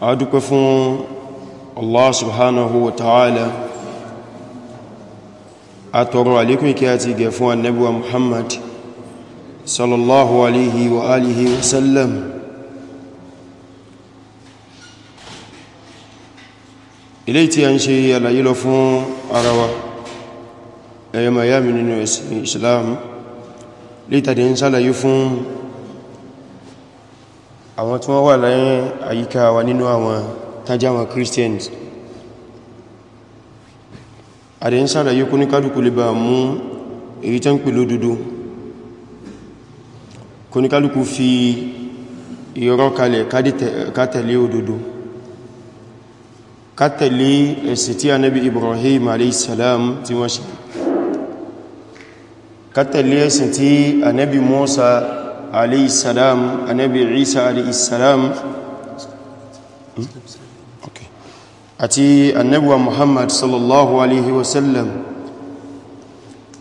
a dúpẹ́ fún Allah subhanahu wa ta'ala a tọrọ alékún kí a ti gẹ̀ fún annabuwa Muhammad sallallahu alaihi wa alihi wa sallam ilé tí a ń ṣe àlàyé lọ fún ara ẹ̀yẹ miami nínú Islam lítàdí ń sálàyé fún àwọn tí wọ́n wà láyín àyíká wa nínú àwọn tajáwọn Christians àdẹ̀ ń sàlàyé kú ní kálùkù lè bá mú èyí tán pè lódúdó kú ní kálùkù fi ìrọ́ kalẹ̀ kátẹ̀lé òdodo kátẹ̀lé ẹ̀sì tí Ànábì Ibrahim aleyhisselam tí wọ́n ṣe kátẹ̀lé ẹ̀sì tí Ànábì Musa alayhi salam anabi isa alayhi salam hmm? àti annabi wa muhammad sallallahu alayhi wasallam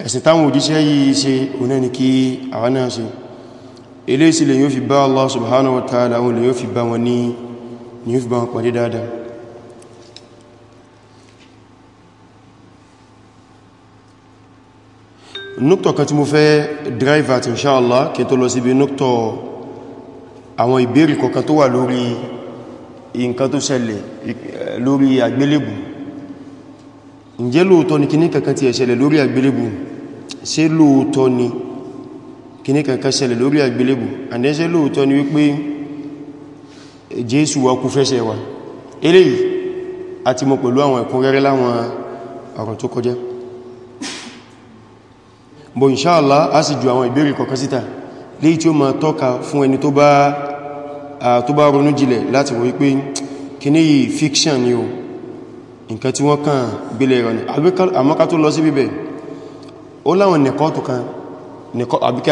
ẹ̀sìn táwọn òjíṣẹ́ yìí ṣe oná ní kí àwọn náà ṣe ilé ìsìlẹ̀ yóò fi bá Allah subhanahu wa ta'ala wọn lè yóò fi bá wọn pàdé dáadáa nukto kan tí mo fẹ́ drive at inshallah kí tó lọ síbi nukto àwọn ìbéèrè kọ̀kan tó wà lórí nǹkan tó ṣẹlẹ̀ lórí àgbélébù ǹjẹ́ lóòtọ́ ni kíní kankan tí ẹ̀ ṣẹlẹ̀ lórí àgbélébù ṣé lóòtọ́ ni kíní kankan ṣẹlẹ̀ lórí àgbélébù àdẹ́ ṣé lóòtọ́ ni wípé Jésù wa kú fẹ́ṣẹ̀ wa eléyìí àti mọ̀ pẹ̀lú àwọn ẹ̀kúnrẹ́rẹ́ láwọn ọ̀rọ̀ tó kọjá bọ̀ inṣáàlá a sì ju àwọn ìbéèrè kọ̀kan síta léyìí tí ó ma tọ́ka fún ẹni tó bá ronú jìlẹ̀ láti wọ́n wípé kíní yìí fiction ni o nǹkan tí wọ́n kàn gbélẹ̀ rọ̀ ní àmọ́ká tó lọ sí bíbẹ̀ ó láwọn nẹ̀kọ́ tó kan àbíká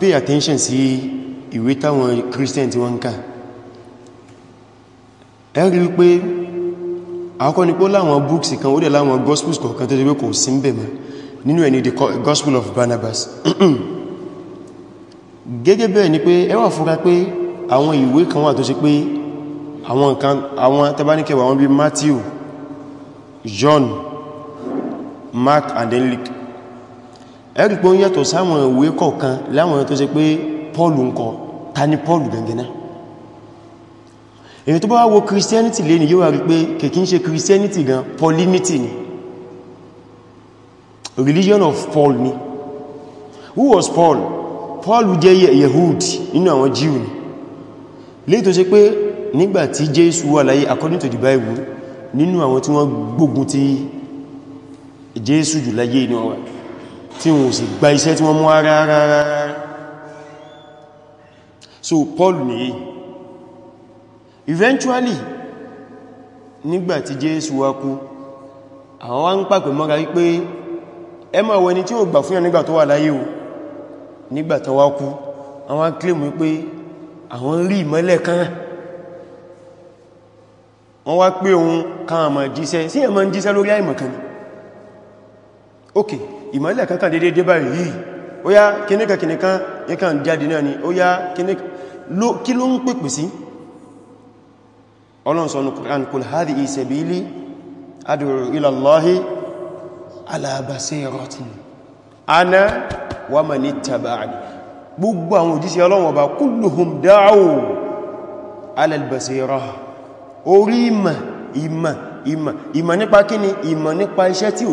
pay attention sí ìwé táwọn Christian tí wọ́n ń wípé àkọ́kọ́ ni pé láwọn books kan ó dẹ̀ láwọn gospels kọ̀ọ̀kan tó jẹ́ kò sí ń bẹ̀ mọ́ nínú ẹni the gospel of Barnabas gẹ́gẹ́ bẹ́ẹ̀ ni pé ẹ wá fura pé àwọn ìwé kan wà tó ṣe pé àwọn nǹkan àwọn tẹbáníkẹwà wọn bí Matthew John Mark and then Luke ẹ̀rì pé ó yàtọ̀ sáwọn ìwé kọ̀ọ̀kan láwọn tó ṣe pé Paul ń kọ ta ni Paul gẹ̀gẹ̀ náà èyí tó bá wo christianity lè ní yíò wà rí pé kèkí ń ṣe christianity gan polynity ni religion of paul ni who was paul paul jẹ́ yehudi nínú àwọn jew ni lè tó ṣe pé nígbàtí jésù wà láyé according to the bible nínú àwọn tí wọ́n gbógun ti jésù jù láyé inú ọwà tí wọ́n sì gba iṣẹ́ tí wọ́n mú ara rárá so paul nìyí eventually nígbàtí Jésù wá kú àwọn wá ń pàpẹ̀ mọ́ra wípé ẹ máa wọ ẹni tí ó gbà fún yàn nígbà tó wà láyé o nígbà tó wá kú àwọn kílèmù wípé àwọn rí ìmọ́lẹ̀ kan wọ́n wá pé ohun kan àmà jíṣẹ́ sí ẹ̀mọ́ jíṣẹ́ lórí àìmọ̀kan ok ìmọ́lẹ̀ kankan dédé dé báyìí yìí ó yá kíníkan kíníkan yẹ́kan jáde náà ni ó yá kíníkan kí ló ń pèpè sí ọlọ́nsọ ní Qur'an kul hadhihi sabili ad'u ila Allahi ala basiratin ana wa man ittaba'ani gbogbo àwọn òjíṣẹ́ Ọlọ́run Ọba kulluhum da'u ala al-basirah orí ìmọ̀ ìmọ̀ ìmọ̀ ìmọ̀ nípa kíni ìmọ̀ nípa iṣẹ́ tí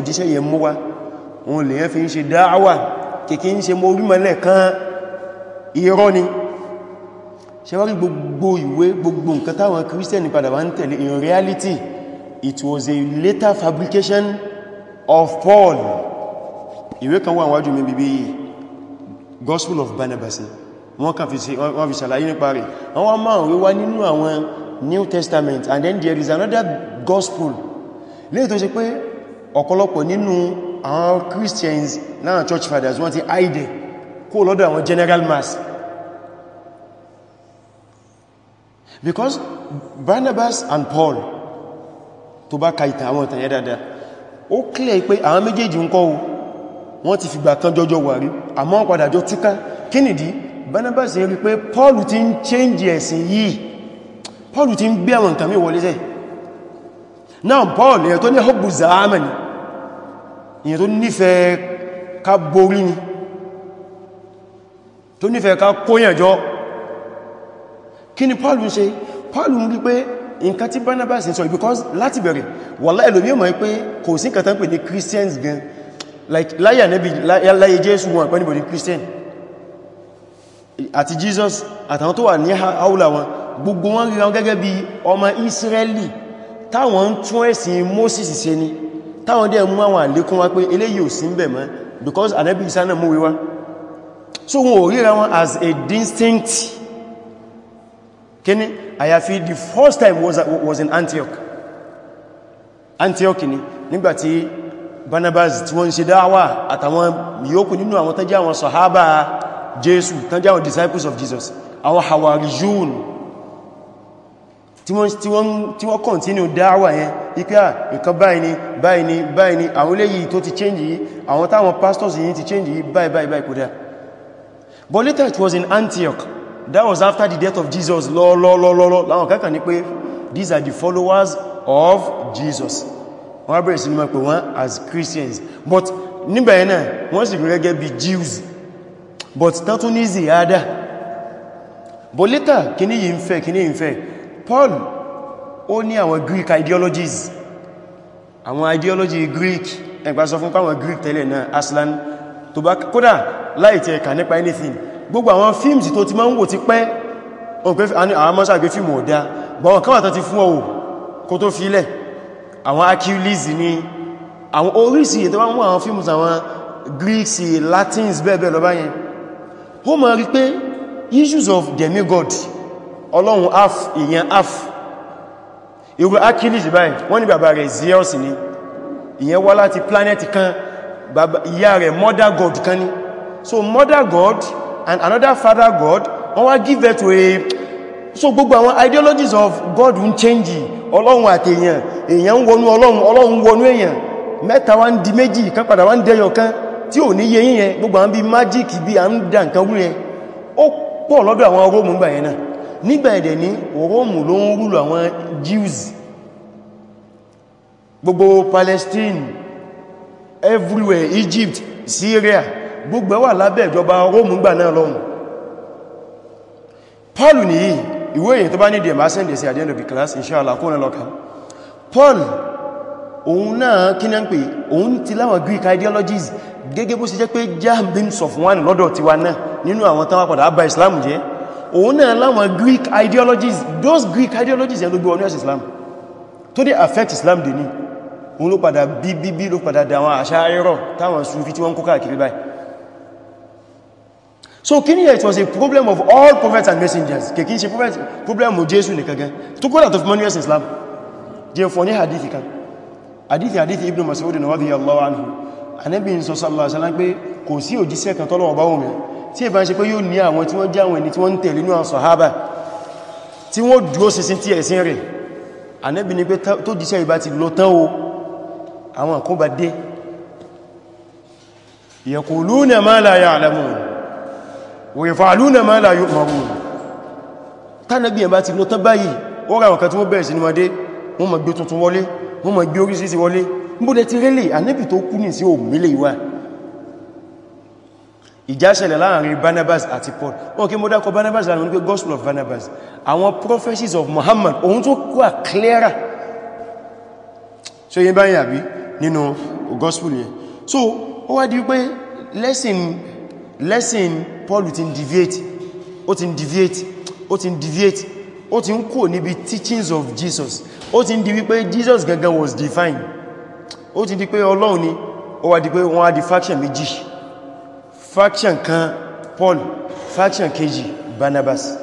ṣe wá rí gbogbo ìwé gbogbo nǹkan táwọn kírísítẹ̀nì padà wá ń tẹ̀lé in reality it was a later fabrication of Paul ìwé kan wà wájú mi bíbí Gospel of Barnabas wọ́n kàn fi ṣàlàyé nípa rẹ̀ àwọn márùn rí wá nínú àwọn New Testament and then there is another gospel lè tó ṣe pé ọ̀pọ̀lọpọ̀ nínú àwọn Christians náà church fathers wọ́n ti hide e kó lọ́dọ̀ àwọn general mass because Barnabas and Paul tó bá ka ìtàn àwọn ìtàn yẹ dáadáa ó clear pé àwọn méjèèjì ń kọ́ wọ́n ti fìgbà kan jọjọ wà rí àmọ́ padà jọ túká kí nìdí Barnabas rí Paul ti ń change ẹ̀sìn yìí Paul ti ń gbé àwọn nǹkan mí wọlé now Paul èyàn tó ní hubbu zaman èyàn tó nífẹ̀ẹ́ ká borí ni fe nífẹ̀ẹ́ ká kí ni Paul ń ṣe Paul ń rí pé nǹkan tí Barnabas ń sọ because láti bẹ̀rẹ̀ wàlá ẹlòmí mọ̀ pé kò sí nǹkan tán pè ní Christians gan like láyé Ànábì láyé Jésù wọn pẹ́ni bọ̀dí Christian àti Jesus àtàwọn tó wà ní haúlà wọn gbogbo wọn ríran gẹ́gẹ́ bí ọmọ Israeli táwọn ń tún ẹ̀sìn Moses ṣe ni táwọn dẹ̀ mú àwọn àlékún wá pé eléyìí ò sí ń bẹ̀ mọ́ because Ànábì Isa náà mú wíwá so wọn ò ríra wọn as a distinct kíní àyàfi the first time was, was in Antioch Antioch ni nígbàtí Barnabas tí wọ́n ṣe dáwà àtàwọn yòókù nínú àwọn tán jẹ́ àwọn sahaba Jésù tán àwọn disciples of Jesus àwọn Hawarijun tí wọ́n continue dáwà yẹn ipá ah, nǹkan báyìí ni báyìí ni báyìí ni àwọn eléyìí tó ti change yìí àwọn táwọn pastors yìí ti change yìí báyìí báyìí báyìí kódà but later it was in Antioch that was after the death of Jesus Lo, lo, lo, lo, lo. láwọn kankan ní pé these are the followers of Jesus wọ́n bẹ̀rẹ̀ sí ní máa pè wọ́n as Christians but níbẹ̀ náà wọ́n sì gẹ́gẹ́ bí Jews but tátún ní ziyada but later kíní yìí ń fẹ́ kíní yìí ń fẹ́ Paul ó ní àwọn Greek ideologies àwọn ideology Greek ẹgbàsọ fún káwọn Greek tẹ́lẹ̀ náà aslan to bá kódà láì tẹ́ ẹ̀kà nípa anything gbogbo àwọn fíìmsì tó ti máa ń wò ti pẹ́ àwọn mọ́sá àgbé fíìmù ọ̀dá bọ̀wọ̀n kan àtọ́ ti fún ọwò kó tó fílẹ̀ àwọn Achilles ni àwọn orísìí tó wọ́n àwọn fíìmù àwọn Greeks Latins bẹ́ẹ̀bẹ́ẹ̀ lọ báyẹn ó ma rí pé issues of demigod ọlọ́run af èèyàn af irú Achilles báyìí wọ́n ní bàbá rẹ̀ Zeus ni ìyẹn wá láti planet kan ìyá mother god so mother god and another father god wọ́n wá give birth to so gbogbo àwọn ideologies of god ń change ọlọ́run àti èèyàn èèyàn ń wọnú ọlọ́run ọlọ́run wọnú èèyàn mẹ́ta wá ń di méjì kan padà wá ń dẹyọ kan tí ò ní yé yíyẹn gbogbo àwọn bí magic bí à ń dà nǹkan wúrẹ́ ó pọ̀ lọ́dọ̀ àwọn róòmù gbà yẹn náà nígbà ẹ̀dẹ̀ ní róòmù ló ń rúlù àwọn jews gbogbo palestine everywhere egypt syria gbogbo wà lábẹ́ ìjọba Róòmù gbà náà lọ́hùn Paul nìyí ìwé èyí tó bá ní dẹ̀mà sẹ́ndẹ̀ sí àdẹ́ndọ̀ bí class inshallah kó náà Paul òun náà kí náà ń pè òun ti láwọn Greek ideologies gẹ́gẹ́ bó ṣe jẹ́ pé Jahm bin Safwan lọ́dọ̀ tiwa náà nínú àwọn tánwà padà bá Islam jẹ́ òun náà Greek ideologies those Greek ideologies yẹn ló Islam tó dé affect Islam dè ní òun ló padà bí bí bí ló padà dáwọn àṣà ẹ̀rọ táwọn tí wọ́n kó káàkiri báyìí so kini it was a problem of all prophets and messengers kekin ṣe prophet problem mo Jésù nìkan gan to go out of manual Islam je fo ni hadith kan hadith hadith Ibn Mas'ud radiyallahu anhu Ànábì ń sọ sallallahu alaihi wasallam pé kò sí òjíṣẹ́ kan t'Ọlọ́run bá wọ́n tí ẹ bá ṣe pé yóò ní àwọn tí wọ́n jẹ́ àwọn ẹni tí wọ́n tẹ̀lé nu sahaba tí wọ́n dúró ṣinṣin ti ẹ̀sìn rẹ̀ Ànábì ní pé to jíṣẹ́ ìbá ti lọ tán o àwọn kan bá dé yaquluna ma la ya'lamun ويفعلون ما لا يؤمرون tánàbí ẹ̀bá ti lọ tán báyìí ó ra ọ̀kan tí wọ́n bẹ̀rẹ̀ sí ni wọ́dé wọ́n ma gbé tuntun wọlé wọ́n ma gbé orísìsì wọlé múlẹ̀ ti rẹ́lẹ̀ ànábì tó kú ní sí òmìnlẹ̀ ìwà ìjáṣẹ̀lẹ̀ láàrin Barnabas àti Paul wọ́n kí mọ́ Barnabas láàrin Gospel of Barnabas àwọn prophecies of Muhammad ohun tó kú so yẹ báyìí àbí nínú gospel yẹn so ó wá di wípé lesson lesson Paul ti ń deviate ó ti ń deviate ó ti ń deviate ó ti ń kò níbi teachings of Jesus ó ti ń di wípé Jesus gangan was divine ó ti di pé Ọlọ́run ni ó wá di pé wọ́n á di faction méjì faction kan Paul faction kejì Barnabas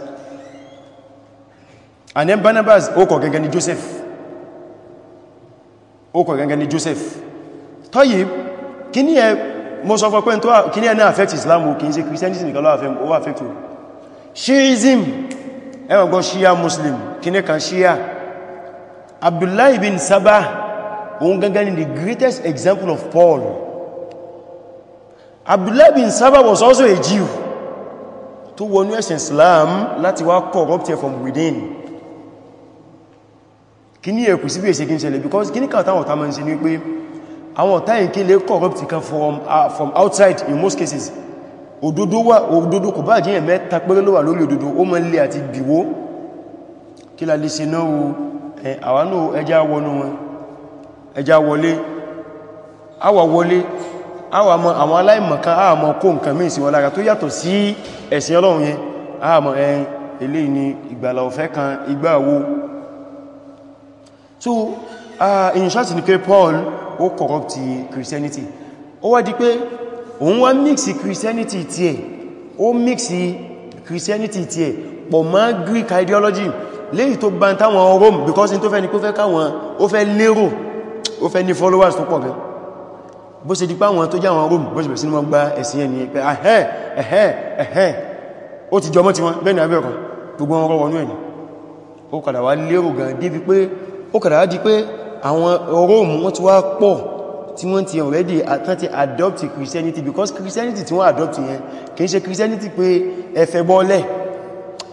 and then Barnabas ó kọ̀ gangan ni Joseph ó kọ̀ gangan ni Joseph tọ́yìí kí ní ẹ mo sọ fọ́ pé tó kí ní ẹ̀nà affect islam o kìí ṣe christianism nìkan ló affect o shiism ẹwọ̀n gbọ́ shia muslim kí ní kan shia abdullahi bin saba òun gangan ni the greatest example of paul abdullahi bin saba was also a jew tó wọnú ẹ̀sìn islam láti wá corrupted from within kí ní ẹ̀kù síbí èsì kí ń ṣẹlẹ̀ because kí ní kàtàwọ̀ ta mọ́ sí ní pé àwọn ọ̀tá ìkélé corrupt kan from, uh, from outside in most cases òdodo wà òdodo kò bá jíyàn mẹ́ta pẹ́rẹ́ ló wà lórí òdodo ó mọ́ lè àti bìwó kí la lè ṣe náà wo àwánú ẹjá wọnú wọn ẹjá wọlé àwà wọlé àwà mọ́ àwọn aláìmọ̀kan àwà mọ́ kó nǹkan mí sí wọn lára tó yàtọ̀ sí ẹ̀sìn ọlọ́run yẹn àwà mọ́ ẹn ilé ní ìgbàlà ọ̀fẹ́ kan ìgbàwó so uh, in short ni pé Paul ó corrupt christianity ó wá di pé òun wá mix christianity tí ẹ̀ ó mix christianity tí ẹ̀ pọ̀ mọ́ greek ideology léyìí tó bá ń táwọn rome because in tó fẹ́ ni kó fẹ́ káwọn ó fẹ́ lérò ó fẹ́ ní followers tó pọ̀ gan bó ṣe dípá wọn tó jáwọn rome bó ṣe bẹ̀ sí mọ́ gba ẹ̀sìn ẹni pé ahẹ́ ẹ̀hẹ́ ẹ̀hẹ́ ó ti jọmọ́ ti wọn bẹ́ẹ̀ni abẹ́ọ̀kan gbogbo wọn rọwọ́nú ẹni ó kàdà wá lérò gan débi pé ó kàdà wá di pé àwọn Rome wọ́n ti wá pọ̀ tí wọ́n ti already tán ti adopt Christianity because Christianity tí wọ́n adopt yẹn kìí ṣe Christianity pé ẹfẹ́ bọ́ọ̀lẹ̀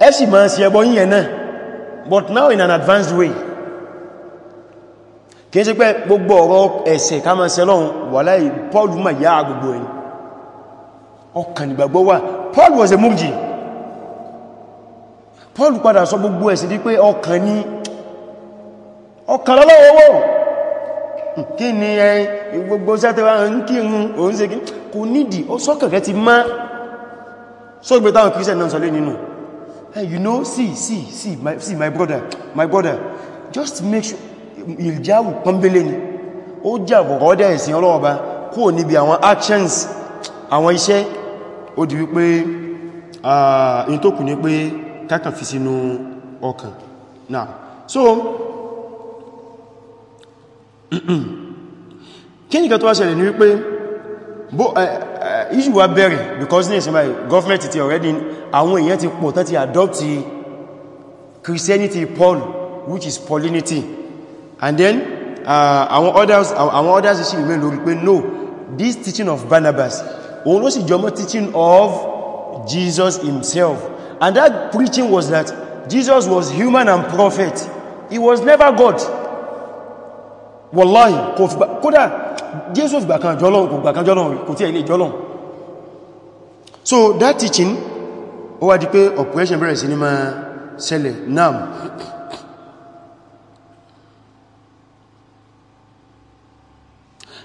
ẹ sì máa ṣe ẹbọ yíyẹn náà but now in an advanced way kìí ṣe pé gbogbo ọ̀rọ̀ ẹ̀ṣẹ̀ ká máa ṣe lọ́hun wà láì Paul ma yá gbogbo ẹni ọkàn ìgbàgbọ́ wà Paul was a mọ́jì Paul padà sọ gbogbo ẹ̀ṣẹ̀ di pé ọkàn ni ọkàn lọ́wọ́ owó kí ni ẹ̀yìn gbogbo sẹ́tẹ̀wà ń kírun òun ṣe kí kò nídì ó sọ́kẹ̀fẹ́ ti má sógbé táwọn christian náà sọlé nínú you know see see see my, see my brother my brother just make sure ìjáwù pọ́nbélé ni ó jàbọ̀ rọ́dẹ̀ ẹ̀sìn ọlọ́ọ̀ba kúrò níbi àwọn actions àwọn iṣẹ́ ó di wípé in ah, tó kù ní pé kákan fi sínú ọkàn náà so kí ní kan tó wá ṣẹlẹ̀ ní wípé issue wa bẹ̀rẹ̀ because ní ìsinmi government ti already àwọn èèyàn ti pọ̀ tán adopt Christianity Paul which is Paulinity and then uh, àwọn others àwọn others sì remain lórí pé no this teaching of Barnabas òun ló sì jọmọ́ teaching of Jesus himself and that preaching was that Jesus was human and prophet he was never God wallahi kódà jésù fìgbà kan jọlọ́n kò gbà kan jọlọ́n kò tí ẹ̀ ilé jọlọ́n so that teaching ó wá di pé oppression bẹ̀rẹ̀ sí ní máa ṣẹlẹ̀ nam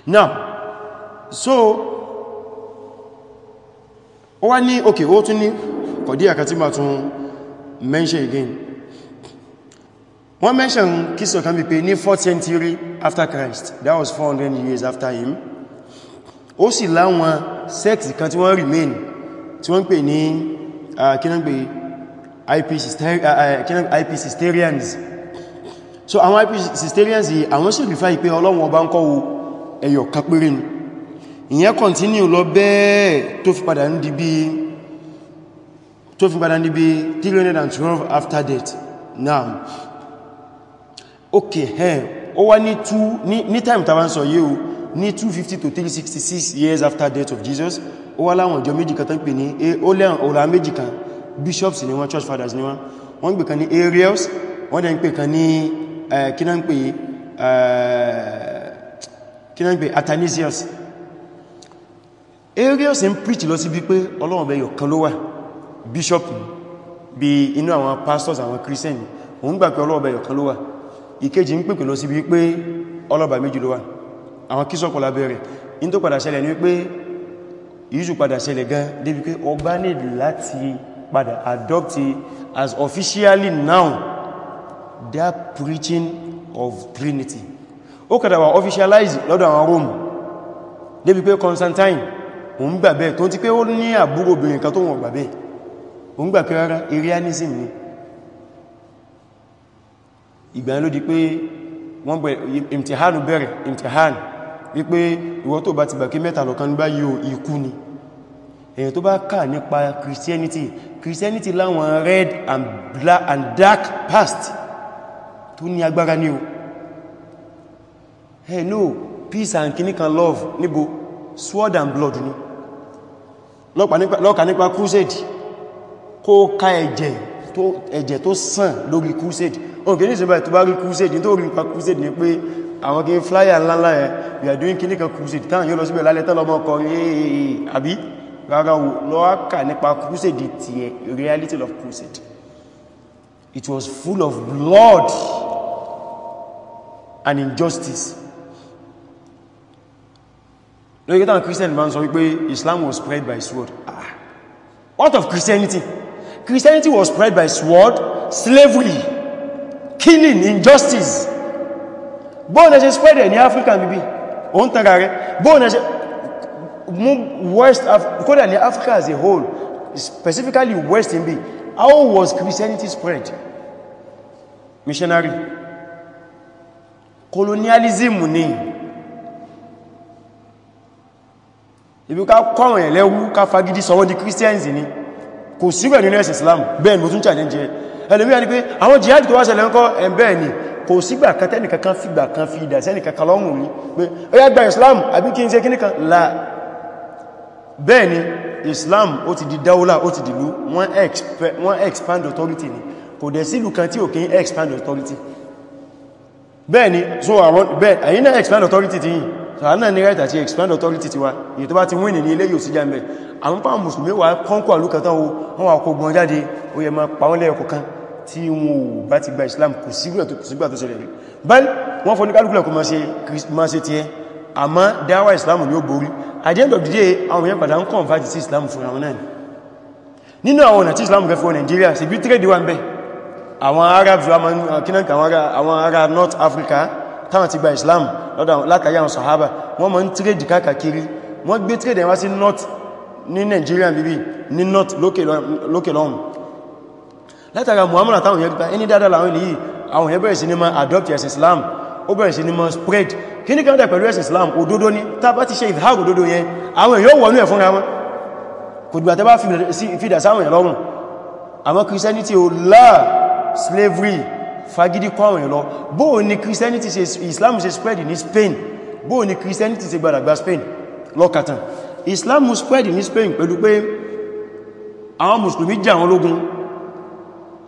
now so ó wá ní ok ó tún ní kọ̀dí àkàtí ma tún mention again wọ́n mention kìsọ̀ kan bí pé ní 4th century after Christ that was 400 years after him ó sì láwọn sects kan tí wọ́n remain tí wọ́n pè ní IP Sisterians so àwọn IP Sisterians yìí àwọn sì rífà ìpé Ọlọ́run ọba ń kọ́wọ́ ẹ̀yọ̀ kan péré ni ìyẹn continue lọ bẹ́ẹ̀ tó fi padà ní bí tó fi padà ní bí 312 after death now okay hey ó wá ní two ní time tàbán sọ yíò ní 250 to 366 years after death of Jesus ó wá láwọn ìjọ méjì kan tán pè ní eh, ó lẹ́rùn ọ̀rọ̀ méjì kan bishops ni wọ́n church fathers ni wọ́n wọ́n gbé kan ní Arius wọ́n dẹ̀ ń pè kan ní eh, kínáńpè eh, Athanasius Arius ń preach lọ sí bí pé Ọlọ́run bẹ kan ló wà bishop bí inú àwọn pastors àwọn Christian òun gbà pé Ọlọ́run bẹ kan ló wà ìkejì ń pèpè lọ sí wípé ọlọ́bà méjì ló wà àwọn kíṣọ́kọ̀ lábẹ́rẹ̀ in tó padà ṣẹlẹ̀ ní wípé ìyíṣù padà ṣẹlẹ̀ gan débi pé ọba ní láti padà adopt as officially now that preaching of Trinity ó kàdà wà officialize lọ́dọ̀ àwọn Rome débi pé Constantine òun gbà bẹ́ẹ̀ tó ti pé ó ní àbúrò obìnrin kan tó wọ́n gbà bẹ́ẹ̀ òun gbà pé rárá arianism ni ìgbà ló di pé wọ́n bẹ̀ imtihanu bẹ̀rẹ̀ imtihan wípé ìwọ tó bá ti bàkí mẹ́ta lọ́kan bá yíò ikú ni èyàn tó bá kà nípa Christianity Christianity láwọn red and black and dark past tó ní agbára ní o hey no peace and kinikan love níbo sword and blood ni lọ́kà nípa crusade kó ká ẹ̀jẹ̀ ẹ̀jẹ̀ tó sàn lórí crusade òkè ní ìṣẹ́bà tó rí crusade ní tó rí nípa crusade ní pé àwọn kí flyer ńláńlá ẹ̀ we are doing kí crusade táwọn yóò lọ síbẹ̀ lálẹ́ tọ́lọmọ kọrin àbí it was full of blood and injustice lórí kí táwọn christian man sọ wípé Islam was spread by sword ah what of Christianity Christianity was spread by sword slavery killing injustice bóòlù ẹ̀ṣẹ́ spread ẹ̀ ní Africa bíbí o ń tàrà rẹ̀ bóòlù ẹ̀ṣẹ́ mú West kódà ní Africa as a whole specifically West in bí how was Christianity spread missionary colonialism ni ibi ká kọ́rùn ẹ̀lẹ́wú ká fagidi sọ wọ́n di Christians ni kò síwẹ̀ nínú ẹ̀sìn Islam bẹ́ẹ̀ mo tún challenge ẹlẹ́mí ẹni pé àwọn jihad tó wá ṣẹlẹ̀ ń kọ́ ẹ̀bẹ́ ni kò sígbà kan tẹ́nì kankan fìgbà kan fi ìdàsẹ́nì kankan lọ́rùn ní pé ó yá gba Islam àbí kí n ṣe kíníkan la bẹ́ẹ̀ ni Islam ó ti di dáúlà ó ti dìlú wọ́n expand authority ni kò dẹ̀ sílù kan tí ò kí expand authority bẹ́ẹ̀ ni so àwọn bẹ́ẹ̀ àyínà expand authority ti yìí So sàánà ní right àti expand authority tiwa èyí tó bá ti win ní ilé yóò sí jàmbẹ̀ àwọn pàwọn mùsùlùmí wà kọ́nkọ́ àlúkàtán wọn wà kó gbọ́n jáde ó yẹ ma pàwọn lẹ́ẹ̀kọ́ kan tí wọn ò bá ti gba Islam kò sígbà tó sígbà tó ṣẹlẹ̀ rí bẹ́ẹ̀ wọ́n fọ́ ní kálùkùlẹ̀ kò máa ṣe tiẹ̀ àmọ́ dáwà Islam ni ó borí at the end of the day àwọn èèyàn padà ń convert sí Islam fún àwọn náà nínú àwọn ọ̀nà tí Islam fẹ́ fún Nigeria sì bí trade wa ń bẹ àwọn Arabs àwọn Arab North Africa táwọn ti gba Islam látàrí àwọn sahaba wọ́n mọ̀ ń tírèdì káàkiri wọ́n gbé tírèdì wá sí north ní Nigeria bíbí ní north lókè lọ́hùn látàrí muhammadu táwọn yẹn gbá ẹni dáadáa láwọn ilé yìí àwọn yẹn bẹ̀rẹ̀ sí ní ma adopt ẹ̀sìn Islam ó bẹ̀rẹ̀ sí ní ma spread kí ní kẹ́ndà pẹ̀lú ẹ̀sìn Islam òdodo ni tá bá ti ṣe ìdáàrù òdodo yẹn àwọn èèyàn wọnú ẹ̀ fúnra wọn kò dìgbà tẹ́ bá fìdà sáwọn ẹ̀ lọ́rùn àwọn Christianity ò láà slavery fagidi kọ́ àwọn ìlọ bóò ni christianity ṣe islam ṣe spread ní spain bóò ni christianity ṣe gbàdàgbà spain lọ́kàtàn islam spread ní spain pẹ̀lú pé àwọn musulmi jà wọn lógun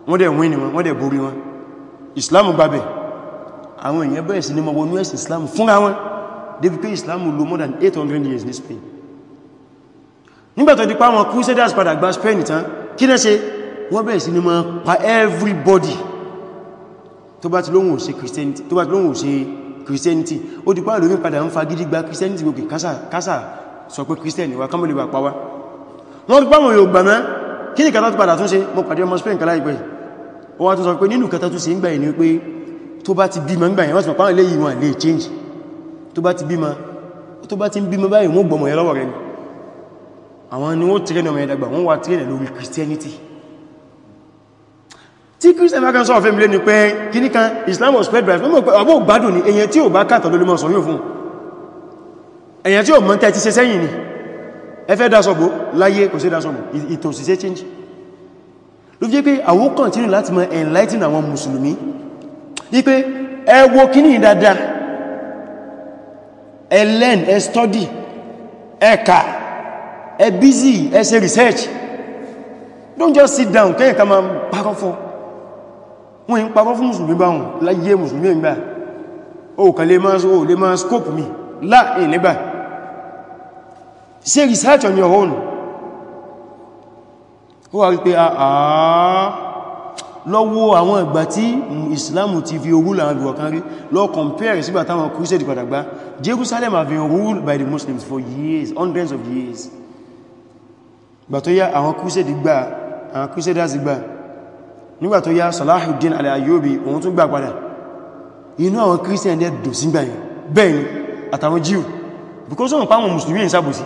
wọ́n dẹ̀ win wọn wọ́n dẹ̀ borí wọn islam gbàbẹ̀ àwọn èèyàn bẹ̀rẹ̀ sí ní mọ́ wọnú ẹ̀sìn islam fúnra wọn débi pé islam lò more than 800 years ní spain nígbàtọ̀ dípa àwọn crusaders padà gba spain tán kí náà ṣe wọ́n bẹ̀rẹ̀ sí ní mọ́ pa everybody tó bá ti lóhun ṣe christianity ó dìpá lórí padà ń fa gidi gba christianity gòkè kásà sọ pé christian ìwà kámọ́lẹ̀ bà pàwá wọ́n dìpá wọn yóò gbàmá kí ní kàtà tó padà tún ṣe mọ́ pàdé ọmọ spain kàlá ìpẹ́ ó wá tún sọ pé nínú kàtà tún ṣe ni pé tó bá ti bímọ ń gbàyìn wọ́n sọ pàwọn eléyìí change tó bá ti bímọ tó bá ti ń bímọ báyìí wọ́n gbọmọ̀ yẹ lọ́wọ́ rẹ̀ ni àwọn ni wọ́n tẹ́rẹ̀ christianity tí christian american sọ ọ̀fẹ́ milé ni pé kíní kan islam was spread by ọgbọ́ gbádùn ní èyàn tí ò bá kàtọ̀ lórí mọ́sàn yóò fún èyàn tí ò mọ́ tẹ́ ti ṣe sẹ́yìn ni ẹfẹ́ dásọ̀bọ̀ láyé kò sí dásọ̀bọ̀ ìtòsíṣẹ́ change ló fi jẹ́ pé àwọn continue láti mọ́ enlighten àwọn mùsùlùmí ní pé ẹ wo kíní dáadáa ẹ learn ẹ study ẹ kà ẹ busy ẹ ṣe research don't just sit down kẹ́yìn ká máa pákọ́ fún wọ́n yí ń parọ́ fún musulmi bá wọn láyé musulmi ń gbà o kà lè máa o lè máa scope mi láàrin nígbà ṣe research on your own ó wà wípé àà ah, ah. lọ́wọ́ àwọn ìgbà tí Islam ti fi orú láwọn ìwọ̀ kan rí lọ compare sígbà táwọn crusade padà gbá Jerusalem have been ruled by the Muslims for years hundreds of years gbà tó yá àwọn crusade gbà àwọn crusaders gbà nígbà tó yá Salahuddin al-Ayyubi òun tún gbà padà inú àwọn Christian dẹ̀ dùn sí gbà yìí bẹ́ẹ̀ ni àtàwọn Jew because wọ́n pàwọn musulmi ń sábòsí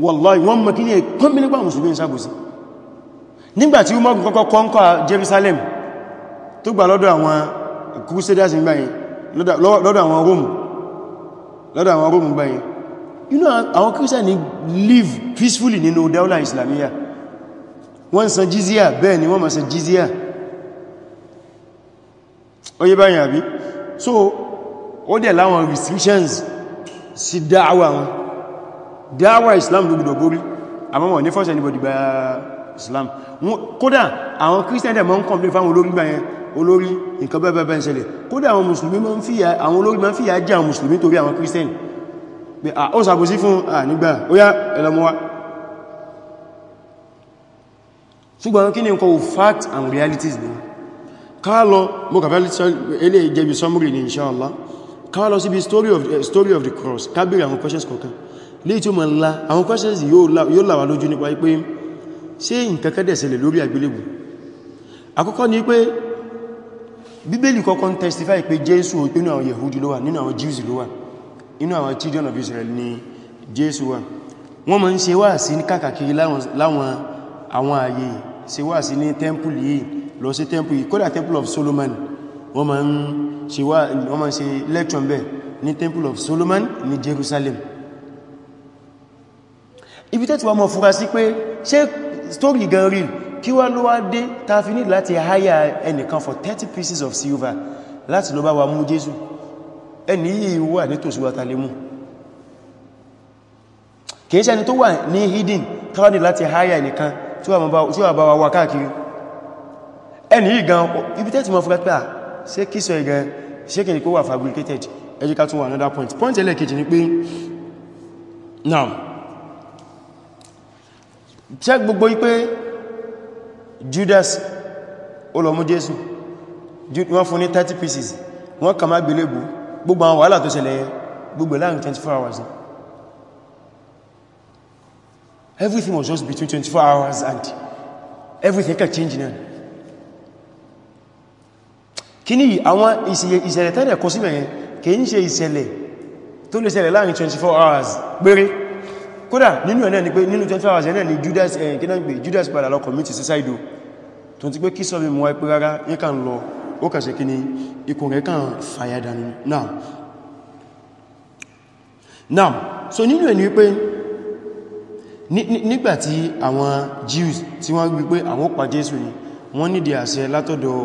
wallahi wọ́n mọ̀ kí ní ẹ̀kọ́n bí nípa musulmi ń sábòsí nígbà tí Umar kọ́kọ́ kọ́ńkọ́ Jerusalem tó gbà lọ́dọ̀ àwọn crusaders gbà yìí wọ́n san jizya bẹ́ẹ̀ ni wọ́n ma san jizya ó yé báyìí àbí so ó dẹ̀ láwọn restrictions sí dáwà wọn dáwà Islam ló gbọdọ̀ borí àmọ́ wọn ní force anybody gba Islam kódà àwọn Christian dẹ̀ ma ń complain fáwọn olórí gbà yẹn olórí nǹkan bẹ́ẹ̀bẹ́ẹ̀ ṣẹlẹ̀ kódà àwọn mùsùlùmí ma ń fìyà àwọn olórí ma ń fìyà jẹ àwọn mùsùlùmí torí àwọn Christian pé à ó sàbòsí fún à nígbà ó yá ẹlọmọwàá ṣùgbọ́n kí ní nǹkan fact and realities ni káàlọ mọ́kànlá ilé ìjẹbi summary ni inṣáàlá káàlọ síbi story of the eh, story of the cross kábìrì àwọn questions kọ̀ọ̀kan lè tí ó mọ̀ ńlá àwọn questions yóò là wá lójú nípa pé ṣe nkẹ́kẹ́dẹ̀ ṣẹlẹ̀ lórí àgbélébù àkọ́kọ́ testify pé jésù nínú àwọn yehudi ló wà nínú àwọn jews ló israel ni jésù wà wọ́n máa ń ṣe wáàsí ní káàkiri láwọn àwọn ààyè ṣe wáàsí ní temple yìí lọ sí temple yìí kódà temple of Solomon wọ́n ma ń ṣe wá wọ́n ma ń ṣe lecture bẹ̀ ní temple of Solomon ní Jerusalem ibi tẹ́tí wa mọ̀ fura sí pé ṣe story gan real kí wá ló wá dé ta fi ní láti háyà ẹnìkan for 30 pieces of silver láti lọ bá wa mú Jésù ẹni yìí wà nítòsí wa ta lè mú kìí ṣe ẹni tó wà ní hidden tọ́rọ̀ ní láti háyà ẹnìkan tí wà bá wa káàkiri ẹni ìgan ibi tẹ́tì mọ́ fúra pé à ṣe kíso ìgan ṣe kìí kó wà fabricated ẹjíká tún wà another point point ẹlẹ́kejì ni pé now ṣe gbogbo ipé Judas olọ́mú Jésù wọ́n fún ní 30 pieces wọ́n kà má gbélébù gbogbo àwọn wàhálà tó ṣẹlẹ̀ gbogbo láàrin 24 hours everything was just between 24 hours and everything kept changing now kíní àwọn ìṣẹ̀lẹ̀ tẹ́lẹ̀ kò síbẹ̀ yẹn kìí ń ṣe ìṣẹ̀lẹ̀ tó lè ṣẹlẹ̀ láàrin 24 hours péré kódà nínú ẹ̀nà ni pé nínú 24 hours ẹ̀nà ni Judas ẹ̀yìn eh, kí náà gbé Judas padà lọ kọmítì sísáìdò tó ti pé kí sọ mímọ̀ ẹ pé rárá ní kàn lọ ó kàn ṣe kíní ikùn rẹ̀ kàn fàyàdà nínú náà so nínú ẹ̀ ni wípé nígbàtí àwọn Jews tí wọ́n gbí pé àwọn pa Jésù ni wọ́n ní di àṣẹ látọ̀dọ̀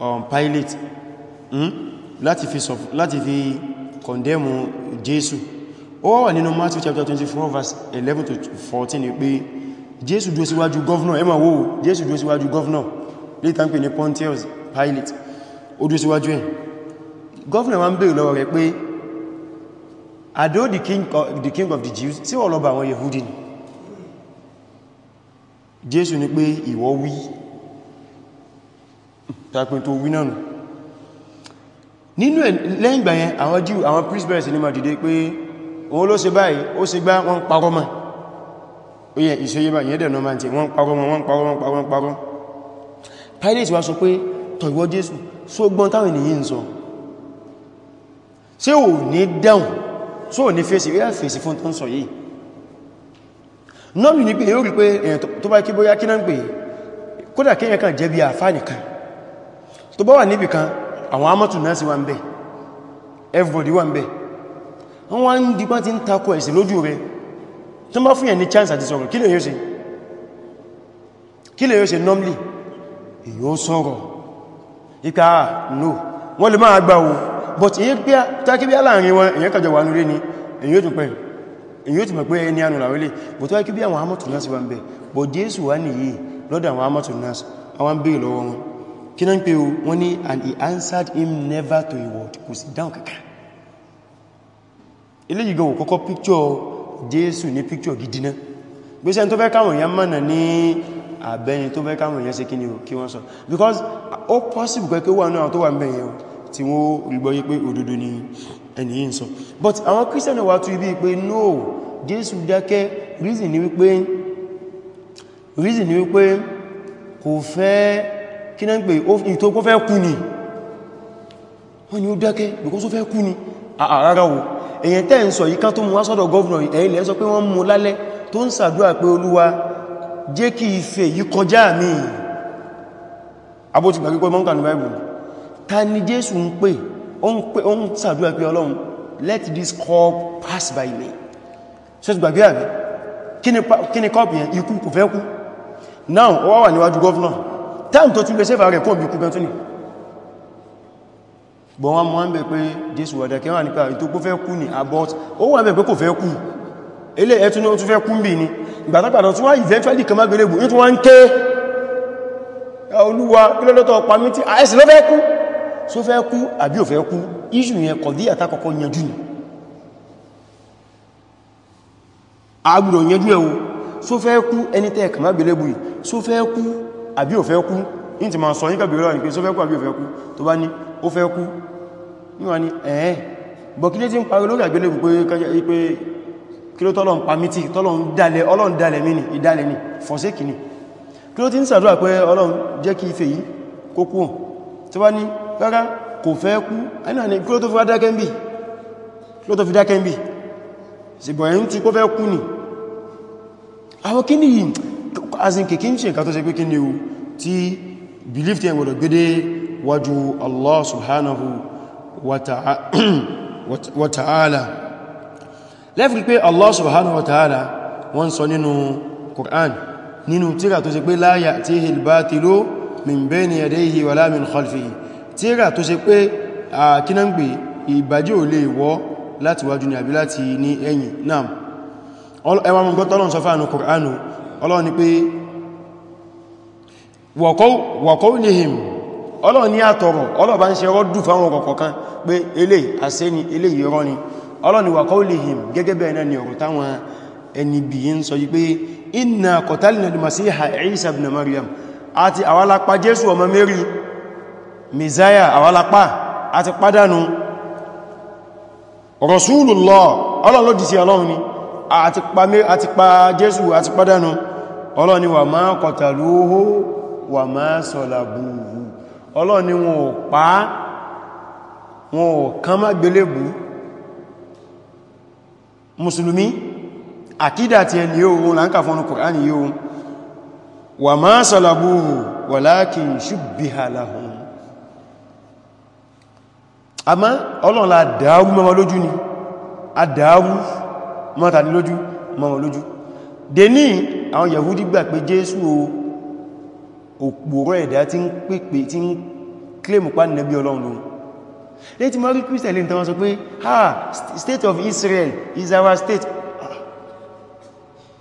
um, Pilate hmm, láti fi kọndẹ́mù Jésù ó wà nínú Matthew chapter 24 verse 11 to 14 ni pé Jésù dúró síwájú governor ẹ wo wò Jésù dúró síwájú governor. létà ń pè ní Pontius Pilate ó dúró síwájú ẹ̀ governor wá ń bèèrè lọ́wọ́ rẹ̀ pé adó the king of the Jews sí ọ̀lọ́bà àwọn Yehudi ni jésù ní pé ìwọ wí tapin tó wí nánu nínú lẹ́yìn ìgbà yẹn àwọn jíù àwọn prisbẹ̀rẹ̀ sí ní ma dìde pé òun ló ṣe báyìí ó ṣe gbá wọ́n parọ́ mọ́ ó yẹ ìṣẹ́yẹ báyìí ẹ̀dẹ̀ náà máa tí wọ́n parọ́ mọ́ wọ́n parọ́ wọ́n parọ́ wọ́n parọ́ Pilate wá sọ só gbọ́n táwọn ènìyàn ń sọ ṣé ò ní dáhùn só ò ní fèsì rí àfèsì fún tó nọ́ọ̀lù ní pé yóò rí pé èyàn tó bá kí bóyá kí náà ń pè kódà kí èyàn jẹ́ bí àfá nìkan tó bá wà níbi kan àwọn amọ́tù náà sí wà ń bẹ everybody wà ń bẹ wọ́n ń dípá ti ń takọ ẹ̀sìn lójú rẹ tó bá fún yẹn ní èyí ó ti mọ̀ pé ẹni anù làwọn ilé bò tó wáyé bí àwọn amọ́tù náà sí wá ń bẹ̀ bò jésù wá nìyí lọ́dọ̀ àwọn amọ́tù náà àwọn ń bèèrè lọ́wọ́ wọn kí náà ń pè wọ́n ní and he answered him never to a word kò sí dáhùn kàkà ilé yìí gan kọ́kọ́ píkṣọ́ jésù ní píkṣọ́ gidi náà gbéṣẹ́ tó fẹ́ káwọn èèyàn mọ̀nà ní àbẹ́ni tó fẹ́ káwọn èèyàn ṣe kí ni o kí because ó possible pé kí wọ́n náà tó wà ń ẹni yìí ń sọ but àwọn Christian wà tún ibi pé no Jésù dákẹ́ reason ni wípé reason ni wípé kò fẹ́ kí náà ń pè ìtòkó fẹ́ kú ni wọ́n ni ó dákẹ́ because ó fẹ́ kú ni àrárá ah, ah, wo èyàn tẹ́ ń sọ yìí ká tó mú wá sọ́dọ̀ gọ́ọ̀nà ẹ̀yìn lẹ́ sọ pé wọ́n mú lálẹ́ tó ń sàdúrà pé Olúwa jẹ́ kí Ifẹ̀ yìí kọjá mi abótigbàgbẹ́kọ́ mọ́ǹkà ní Bible ta ni Jésù ń pè ó ń sàdúrà pé ọlọ́run let this cup pass by me ṣe ti gbàgbé àbí kí ni cup yẹn ikú kò fẹ́ kú now ó wà níwájú gọ́ọ̀nà time tó tún lè sẹ́fà rẹ̀ kóòmì ikú gan tó ní bọ̀ wọn mọ́ ń bẹ̀ pé jésù wàdàkẹ́ wà nípa ètò kó fẹ́ kú ní abort ó wà bẹ̀ pé kò fẹ́ kú ilé ẹ̀tún ní ó tún fẹ́ kú mbì ní ìgbàtàpàdà tún wá eventually kama gbẹ̀lẹ̀gbù ní tún wá ń ké olúwa kílọ́dọ́tọ̀ pàmítí àẹ́sì ah, lọ́fẹ́ kú só fẹ́ kú àbí ò fẹ́ kú iṣu yẹn kọ̀dí àtàkọ́kọ́ yanjú ni agbùdọ̀ yanjú ẹ̀wò só fẹ́ kú ẹni tẹ́ kàmá belébù yìí só fẹ́ kú àbí ò fẹ́ kú in ti ma sọ yínkà bèèrè ní pé só fẹ́ kú àbí ò fẹ́ kú tó bá ní ó fẹ́ kú níwà ní ẹ̀ẹ́ bọ̀kílé tí ń parí lórí tó bá ní rárá kò fẹ́ kú ẹ̀nà ni kí ló tó fi dákẹ́ bí ló tó fi dákẹ́ bí ṣìbọ̀yìn tí kó fẹ́ kú ni àwọn kí ni azin kìkín ṣe nǹkan tó ṣe pé kí ni o tí belief tí ẹ̀wọ̀dọ̀ gbédé wájú Allah subhanahu wa ta'ala lẹ́fìrí pé Allah subhanahu wa ta'ala wọ́n sọ nínú Qur'an nínú tírà tó ṣe pé la ya'tihil batilu min bayni yadayhi wala min khalfihi tíra tó ṣe pé àkínáǹgbè ìbàjẹ́ ò lè wọ́ láti wájú ní àbí láti ní ẹ̀yìn náà ẹwà mọ̀ gbọ́tọ́ lọ́n sọfà ní kòránù ọlọ́run ni pé wọ̀kọ́ ní him ọlọ́run ní àtọ̀rọ̀ ọlọ́run bá ń ṣe rọ́dù fáwọn kọ̀kọ̀kan pé ni ọlọ́run ni wọ̀kọ́ lè him gẹ́gẹ́ bẹ́ẹ̀ náà ni ọ̀rọ̀ táwọn ẹni bí Isa ibn Maryam àti àwa la pa Jésù mizaya àwálápá àti pádánù rasulullah ọlọ́run ló dìsí ọlọ́run ni àti pa jésù àti pádánù ọlọ́run ni wà máa qataluhu wà máa salabuhu ọlọ́run ni wọn ò pa wọn ò kán má gbélébù mùsùlùmí àkídà ti ẹni yóò wọn láǹkà fún Kùránì yóò wà máa salabuhu walakin àmá ọlọ́run la dáárú mọ́ lójú ni a dáárú mọ́ta ní lójú mọ́ lójú dè ní àwọn yahudi gbà pé jésù òpòrò ẹ̀dá tí ń pèpè tí ń kílèmù pa nẹ́bí ọlọ́run lóhun lẹ́yìn tí mọ́rí christian tán sọ pé ha state of Israel is our state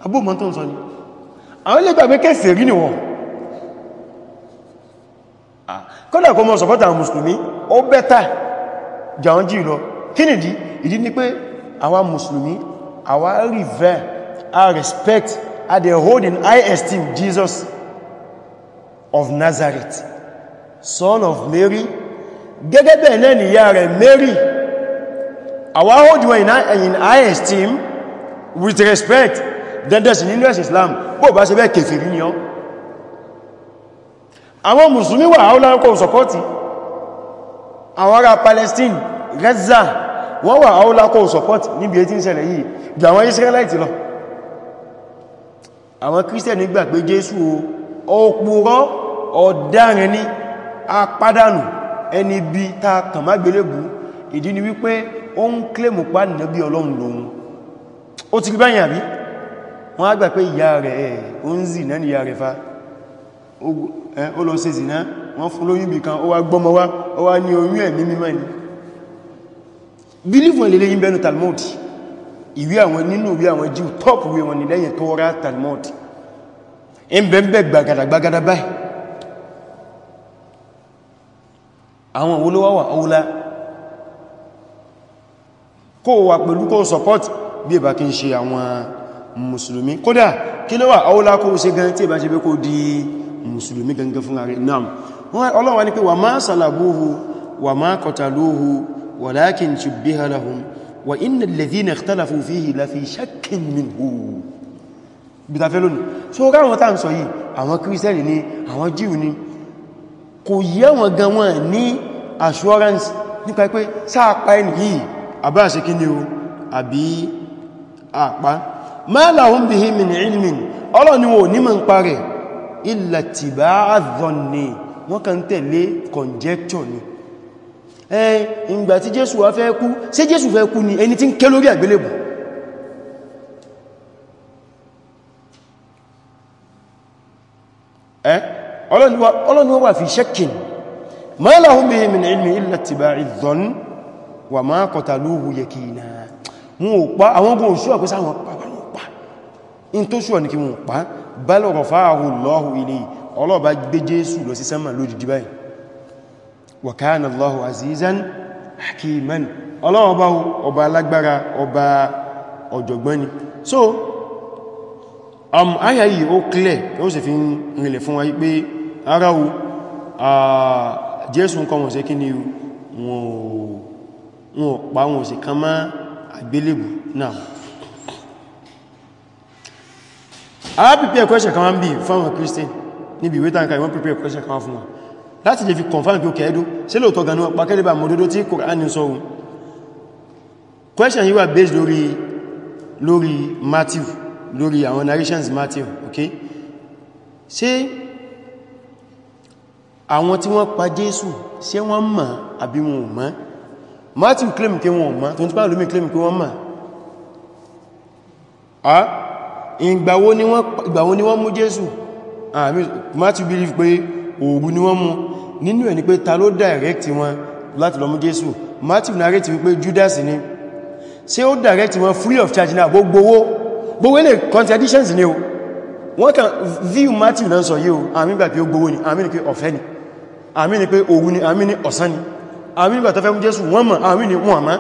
abúmọ́ tó ń sọ ni àwọn ilé gbàgbé kẹsẹ̀ rí níwọ̀n ah, kọ́dà kọ́ mọ́ sọ̀pọ̀tà mùsùlùmí ó bẹ́ta jàunjì lọ kí nìdí ìdí ni pé àwọn mùsùlùmí àwa revere our respect and they hold in high esteem Jesus of Nazareth son of Mary gẹ́gẹ́ bẹ́ẹ̀ náà nìyá rẹ̀ Mary àwa hold you in high esteem with respect dandas nínú ẹ̀sìn Islam bó bá ṣe bẹ́ẹ̀ kèfèrí ni ọ́ àwọn mùsùlùmí wà áwọ́lá ń kọ́ àwọn ará Palestine Gaza wọ́n wà áúlákọ̀ support níbi ètí ìṣẹ̀lẹ̀ yìí jù àwọn Israelite lọ àwọn Christian nígbà pé Jésù òpùrọ́ ọ̀daràn ní apádànù ẹni bí ta kàmágbélébù ìdí ni wípé ó ń klèmù pa nàbí Ọlọ́run lòun ó ti rí báyìí àbí wọ́n á gbà pé ìyá rẹ̀ ẹ̀ ó ń zì náà ni ìyá rẹ̀ fa ó lọ ṣe zì náà wọ́n fún lóyún bìkan ó wá gbọ́mọ wá ó wá ní oyún ẹ̀mí mímọ́ ni bílífù ilé yìí bẹnu Talmud ìwé àwọn nínú ìwé àwọn Jíù tọ́pù ìwé wọn ni lẹ́yìn tó rá Talmud in bẹ̀m̀bẹ̀ gbàgàdàgbàgàdà báyìí àwọn olówọ́wà ọwúlá kó support bí ìbá kí n ṣe àwọn mùsùlùmí kódà kí ló wà ọwúlá kó ṣe gan tí ìbá ṣe bí kó di mùsùlùmí gangan fún ààrẹ náà ọlọ́wà ní pé wà máa sàlàbúhu wà máa kọtàlúhu walakin shubbiha lahum wà inna alladhina ikhtalafu fihi lafi shakkin minhu bitafẹ́ lónìí so ráwọn tàà ń sọ yìí àwọn kírísẹ́nì ni àwọn jíù ni kò yẹ wọn illa tibaa adh wọ́n kàn tẹ̀lé conjecture ni ẹn ìgbà tí jésù wá fẹ́ kú ṣé jésù fẹ́ kú ni ẹni tí ń ké lórí àgbélébù ọlọ́niwọ́ wà fi ṣẹ́kìn ma lahum bihi min ilmi illa ittiba'i dhann wa ma qataluhu yakina mú ò pa àwọn ogun òṣù àpẹsà àwọn pàpàlù pa in tó ṣùwà Ọlọ́run bá gbé Jésù lọ sí sánmà lójijì báyìí wa kana Allahu azizan hakiman Ọlọ́run bá ọba alágbára ọba ọ̀jọ̀gbọ́n so um, aya yìí ó clear ó sì fi ń rìnlẹ̀ fún wa pé ara o Jésù nǹkan wọ́n ṣe kí ni wọn ò pa wọn ò sì kan má àgbélébù náà a pípẹ́ ẹ̀kọ́ ìṣẹ̀kan wá ń bí fáwọn Christian níbi ìwé tànkà ìwọ́n prepare question kan fún wa láti lè fi confirm pé ó kẹ́ẹ̀dú sí lóòtọ́ gan níwọ̀n pàkẹ́lẹ́bà mọ̀dódó tí Kùránì sọ ohun question yíwa based lórí lórí Matthew lórí àwọn narrations Matthew okay ṣé àwọn tí wọ́n pa Jésù ṣé wọ́n mọ̀ àbí wọn ò mọ̀ Matthew claim pé wọn ò mọ̀ tó ń tí pàlú claim pé wọ́n mọ̀ ah, ìgbàwo ni wọ́n mú Jésù àmì ah, matthew believe pé òògùn ni wọ́n mú nínú ẹ̀ ni pé ta ló direct wọn láti lọ mú jésù matthew narrate wípé judas ni ṣé ó direct wọn free of charge náà gbogbowó gbogbo ilẹ̀ contradictions ni o wọ́n kàn view matthew náà sọ yí o àmì gbà pé ó gbowó ni àmì ni pé ọ̀fẹ́ ni àmì ni pé òògùn ni àmì ni ọ̀sán ni àmì nígbà tó fẹ́ mú jésù wọ́n mọ̀ àmì ni wọ́n àmá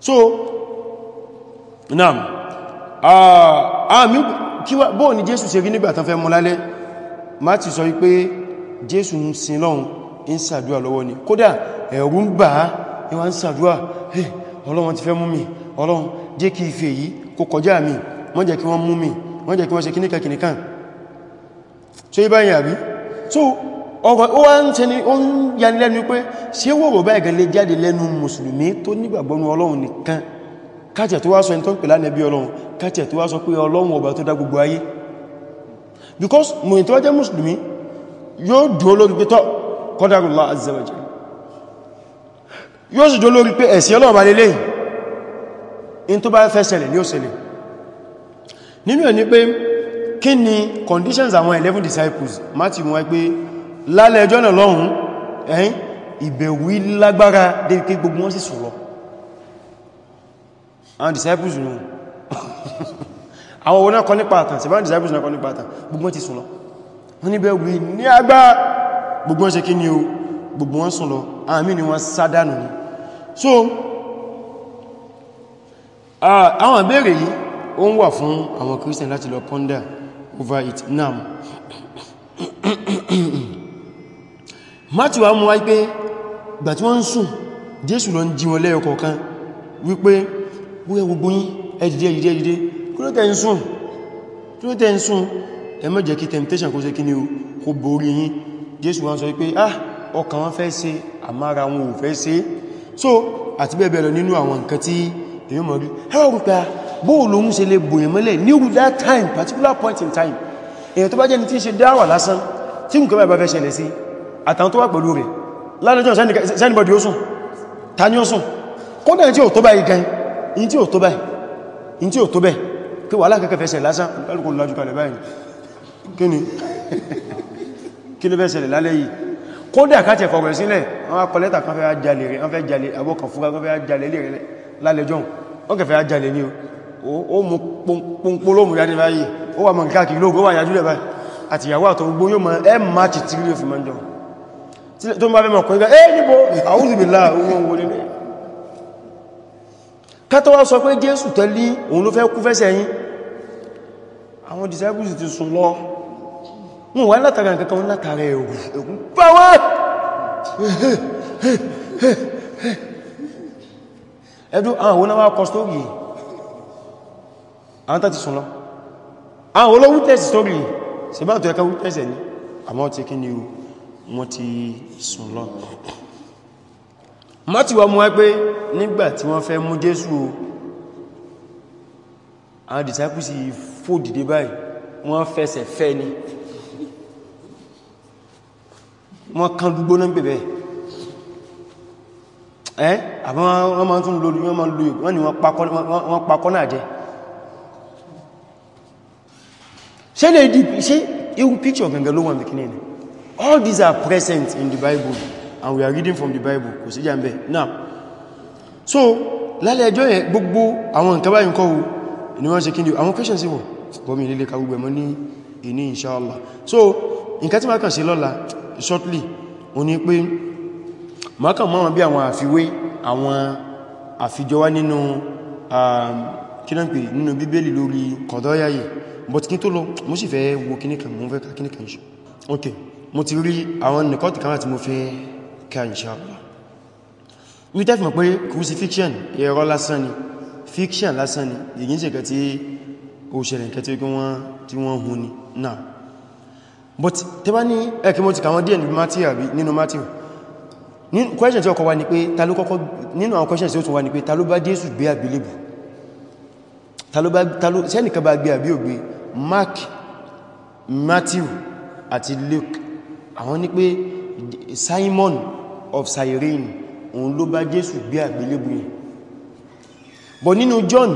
so naam àmì ah, ah, bóò ni jésù ṣe rí nígbà tán fẹ́ mú lálẹ́ ma ti sọ wípé jésù ń sin lọ́hun ń ṣàdúrà lọ́wọ́ ni kódà ẹ̀rù ń bà á ìwà ń ṣàdúrà ọlọ́run ti fẹ́ mú mi ọlọ́run jẹ́ kí ife yìí kó kọjá mi wọ́n jẹ́ kí wọ́n mú mi wọ́n jẹ́ kí wọ́n ṣe kíníkà kíníkà so ibá yìí àbí so ọ̀rọ̀ ó wá ń ṣe ni ó ń yanilẹ́nu pé ṣe wòrò báyìí gan lè jáde lẹ́nu mùsùlùmí tó káàtẹ̀ tó wá sọ ìtọ́ pẹ̀lá nẹbí ọlọ́run káàtẹ̀ tó wá sọ pé ọlọ́run ọba tó dá gbogbo ayé because mo ìtọ́wọ́ jẹ́ mùsùlùmí yóò dúó lórí pé tọ́ qadarullah azza wa jalla yóò sì dúó lórí pé ẹ̀sìn ọlọ́run bá lélẹ̀ in tó bá fẹ́ ṣẹlẹ̀ ní ó ṣẹlẹ̀ nínú ẹ̀ ni pé kí ni conditions àwọn 11 disciples mati wọn pé lálẹ́ ẹjọ́ náà lọ́hùn ẹ̀yìn ìbẹ̀wí lágbára dé pé gbogbo wọn sì sọ̀rọ̀ àwọn disciples nù àwọn wọn náà kọ́ nípa àtàn sí bá disciples náà kọ́ nípa àtàn gbogbo ti sùn lọ wọ́n níbẹ̀ wí ní agbá gbogbo ṣe kí ni o gbogbo wọn sùn lọ àmì ni wọ́n sádánù ni so àwọn ìbéèrè yìí ó ń wà fún àwọn Christian láti lọ ponder over it now Matthew wa mú wáyé pé gbà tí wọ́n ń sùn Jésù lọ ń jí wọn lẹ́yọ kọ̀ọ̀kan wípé wúyẹ gbogbo yín ẹjìdé ẹjìdé ẹjìdé kí ló tẹ́ ń sùn kí ló tẹ́ ń sùn ẹ má jẹ́ kí temptation kó ṣe kí ni o kó borí yín Jésù wọ́n sọ pé ah ọkàn wọn fẹ́ ṣe àmára wọn ò fẹ́ ṣe so àti bẹ́ẹ̀ bẹ́ẹ̀ lọ nínú àwọn nǹkan tí èyí mọ̀ rí ẹwà rúpa bóò lóhun ṣe lè bòyàn mọ́lẹ̀ ní that time particular point in time èyàn tó bá jẹ́ ni tí ń ṣe dáwà lásán tí nǹkan bá fẹ́ ṣẹlẹ̀ sí àtàwọn tó wà pẹ̀lú rẹ̀ lánàjọ́ sẹ́nìbọ̀dì ó sùn ta ni ó sùn kódà tí ò tó bá igan in tí ò tó bẹ́ẹ̀ in tí ò tó bẹ́ẹ̀ kí wà láàkẹ́kẹ́ fẹ́sẹ̀ lásán kálùkù lájú kalẹ̀ báyìí kí ni kí ló fẹ́sẹ̀ lálẹ́ yìí kódà káàtẹ̀ fọ̀rọ̀ sílẹ̀ àwọn akọlẹ́ta kan fẹ́ ajalè rẹ̀ wọ́n fẹ́ jalè abọ́kan fúra wọ́n fẹ́ ajalè lè rẹ̀ lálẹ́jọ́ wọ́n kẹfẹ́ ajalè ní o mú pọ́npọ́lọ́mù yáde báyìí ó wà mọ̀ káàkiri lóògùn wà yájúlẹ̀ báyìí àtìyàwó àtọ̀ gbogbo yóò mọ̀ ẹ́ máàkì tí rí fún mọ́jọ́ tó ń bá fẹ́ mọ̀ kọ́ kátọ́ wá sọ pé Jésù tẹ́lí òun ló fẹ́ kú fẹ́sẹ̀ yín àwọn disciples ti sùn lọ wọn wá látara kankan látara ẹ̀rùn pàwọ́ ẹ̀dùn àwọn òun náà wá kọ stórí àwọn tàti sùn lọ àwọn olówó tẹ́sì stórí ṣe bá tó ẹka wítẹ́sẹ̀ ní àmọ́ ti kí ni wọ́n ti sùn lọ mọ́ ti wọ́n mú wẹ́ pé nígbà wọ́n fẹ́ mú Jésù àwọn dìsákùsì fòdìdé báyìí wọ́n fẹsẹ̀ fẹ́ ni wọ́n kan dúgbó náà bẹ̀bẹ̀ ẹ́ àwọn wọ́n tún lórí wọ́n lórí wọ́n ni wọ́n pakọ́ náà jẹ́ ṣe lè dìbì ṣe irú picture gangan ló wọ́n bikini all these are present in the Bible and we are reading from the Bible kò sí jàmbẹ̀ now so lálẹ́ ẹjọ́ yẹn gbogbo àwọn nǹkan báyìí kọ́ ni wọ́n ṣe kí ni àwọn questions sí wọ́n bọ́mí ilé ka gbogbo ẹmọ́ ní ìní inshallah so nǹkan tí ma kàn sí lọ́la shortly o ní pé ma kàn mọ́ bí àwọn àfiwé àwọn àfijọwá nínú um, kínàpé nínú bíbélì lórí kọ̀dọ́yàyè but mo ti rí àwọn nìkọ́tì kan láti mo fẹ́ ká inshallah ní tẹ́fì mọ̀ pé crucifixion irọ́ lásán ni fiction lásán ni ìgbín ṣe kẹtí ó ṣẹlẹ̀ kẹtí tí wọ́n hun ni náà but tẹ́bá ní ẹkẹ́ mọ́ ti kàwọn díẹ̀ nínú matthew question tí ọkọ̀ wá ní pé ta ló kọ́kọ́ nínú àwọn question tí ó tún wá ní pé ta ló bá jésù gbé àgbélébù sẹ́nìkan bá gbé àbí ògbé mark matthew àti luke àwọn ní pé simon of Cyrene òun ló bá Jésù gbé àgbélébù yìí bọ̀ nínú John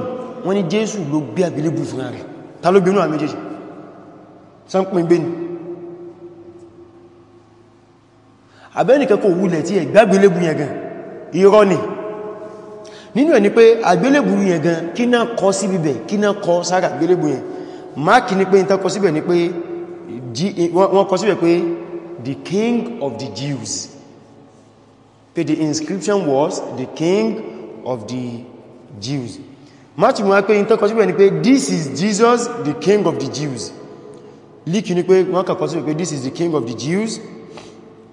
wọ́n ní Jésù ló gbé àgbélébù fún rẹ̀ ta ló gbénú àmì Jésù sánpin gbé ni àbẹ́nìkẹ́ kò wulẹ̀ tí ẹ̀gbẹ́ àgbélébù yẹn gan irọ́ ni nínú ẹ̀ ni pé àgbélébù yẹn gan kí náà kọ sí bíbẹ̀ kí náà kọ sára àgbélébù yẹn máàkì ni pé the king of the Jews pé the inscription was the king of the Jews Matthew wọ́n pé ìtọ́kọ̀ síbẹ̀ ni pé this is Jesus the king of the Jews líkì ní pé wọ́n kàkọ́ síbẹ̀ pé this is the king of the Jews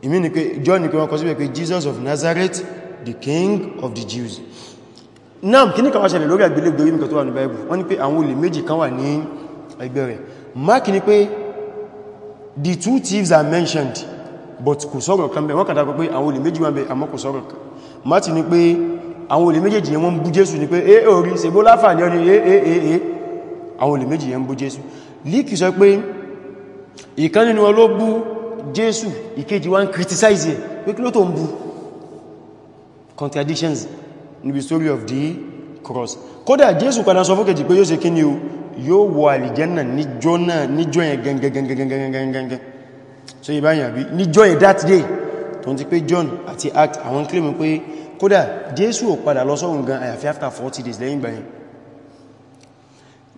ìmí ni pé John ni pé wọ́n kọ síbẹ̀ pé Jesus of Nazareth the king of the Jews náà kí ní kàwà ṣẹlẹ̀ lórí àgbélébùú orí mìkan tó wà ní Bible wọ́n ni pé àwọn olè méjì kan wà ní ẹgbẹ́ rẹ̀ Mark ni pé the two thieves are mentioned but kò sọ́rọ̀ kan bẹ̀ wọ́n kàtà pé àwọn olè méjì wọ́n bẹ̀ àmọ́ kò sọ́rọ̀ kan martin ni pé àwọn olè méjèèjì yẹn wọ́n bú jésù ni pé e orí ṣe bó láfà ní ọdún eee àwọn olè méjì yẹn bú jésù líkì sọ pé ìkan nínú wọn jésù ìkejì wá ń criticize ẹ̀ pé kí ló tó ń bú story of the cross kódà jésù padà sọ fókèjì pé yóò ṣe kí ni o yóò wọ àlìjẹ́nà so yìí báyìí àbí níjọ́ ẹ̀ that day tó ti pé John àti act àwọn claim pé kódà Jésù ò padà lọ sọ́run gan àyàfi after 40 days lẹ́yìn gbàyìn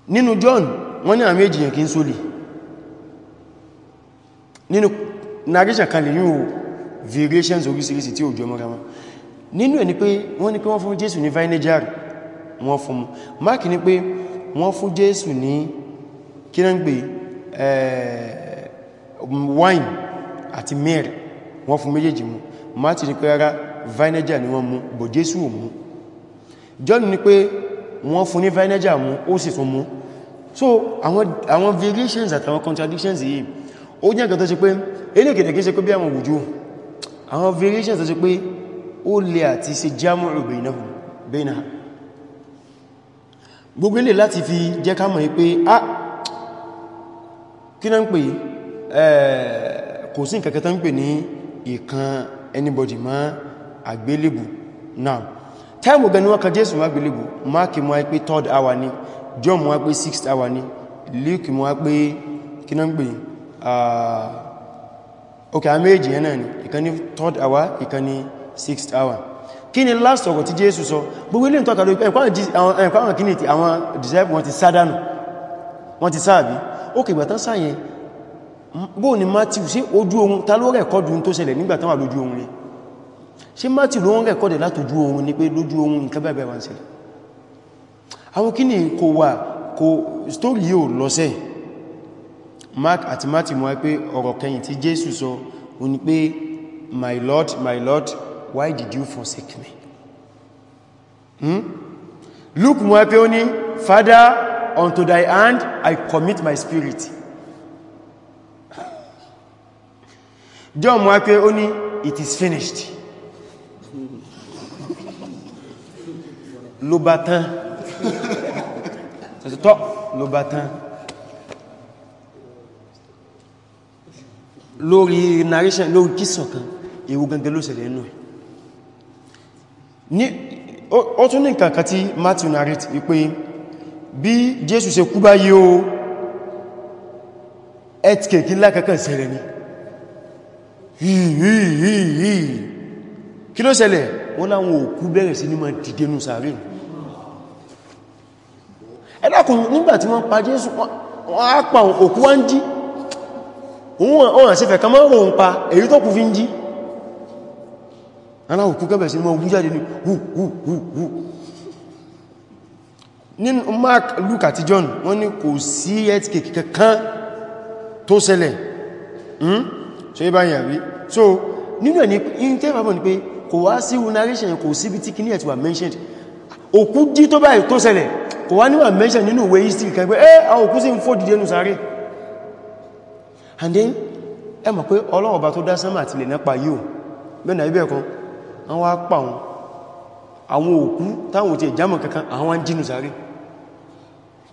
nínú John wọ́n ní àmì èjìyàn kí ń sólì nínú narration kan lè yíò variations orísìírísìí tí ò jọ mọ́ra wọn nínú ẹ̀ ni pé wọ́n ní pé wọ́n fún Jésù ní vinegar wọ́n fún Mark ni pé wọ́n fún Jésù ní kí náà ń pè ẹ̀ẹ́ eh, wine àti mẹ́rin wọ́n fún méjèèjì mu martin ní pé rárá vinegar ni wọ́n mu bọ̀ jésù ò mu john ní pé wọ́n fún ní vinegar mu ó sì fún mu so àwọn variations àtàwọn contradictions yìí ó jẹ́ ǹkan tó ṣe pé ilé kìtàkì ṣe pé bí àwọn òwújú àwọn variations tó ṣe pé ó lè àti ṣe jámọ̀rù bẹ̀yìnà gbogbo ilé láti fi jẹ́ ká mọ̀ pé ah kí náà ń pè yìí Eh, kò sí nǹkan kẹta ń pè ní ìkan anybody ma àgbélébù now, time gan ni wọ́n ka jésù ma gbélébù máàkì mọ́ pé third hour ni john mọ́ pé sixth hour ni luke mọ́ pé kí náà ń pè ah, ok a méjì yẹn náà ni ìkan ni third hour ìkan ni sixth hour kí ni last ọ̀rọ̀ tí jésù sọ gbogbo ilé ìtọ́ka lórí ẹ̀kọ́ àwọn kí ni àwọn disciple wọn ti sádánù wọn ti sáàbí ó kìgbà tán sáyẹn bó ni matthew sí ojú oorun ta ló rẹ̀kọ́dù tó ṣẹlẹ̀ nígbà tán wà lójú oorun rẹ̀ ṣe matthew ló ń rẹ̀kọ́dù látojú oorun ni pé lójú oorun nǹkan bẹ́ẹ̀ bẹ́ẹ̀ wà àwọn kí ni kò wà kò story yóò lọ́sẹ̀ mark àti matthew wọ́n pé ọ̀rọ̀ kẹyìn tí jésù sọ my lord my lord why did you forsake me hmm? luke wọ́n father unto thy hand i commit my spirit John mọ́ pé ó ní it is finished ló bá tán tọ́ ló bá tán lórí narration lórí kíso kan ewu gangan ló ṣẹlẹ̀ inú ẹ̀ ní ó tún ní nǹkan kan tí Matthew narrate wípé bí Jésù ṣe kú báyìí o earthquake ńlá kankan ṣẹlẹ̀ ni kí ló ṣẹlẹ̀ wọ́n láwọn òkú bẹ̀rẹ̀ sí ní ma dìdenú sàárè ẹ̀dàkùn nígbàtí wọ́n pa Jésù wọ́n á pa òkú wá ń jí wọ́n àṣẹ fẹ̀kan mọ́ rò ń pa èyí tó kù fi ń jí aláwọ̀ òkú kẹ́bẹ̀ sí mọ́ wú ní Mark Luke àti John wọ́n ní kò sí earthquake so yí báyìí àrí so nínú ẹ̀ ní interval ní pé kò wá sí narration kò síbi tí kíní ẹ̀ ti wà mentioned òkú dí tó báyìí tó ṣẹlẹ̀ kò wá níwà mentioned nínú ìwé history kan pé ẹ́ eh, àwọn òkú sí ń fò dìde nù sáré and then ẹ mọ̀ pé Ọlọ́run bá tó dá sánmà àti ilẹ̀ nípa yíò bẹ́ẹ̀ náà ibẹ̀ kan wọ́n wá pa wọn àwọn òkú táwọn ti ìjámọ̀ kankan àwọn ń jínú sáré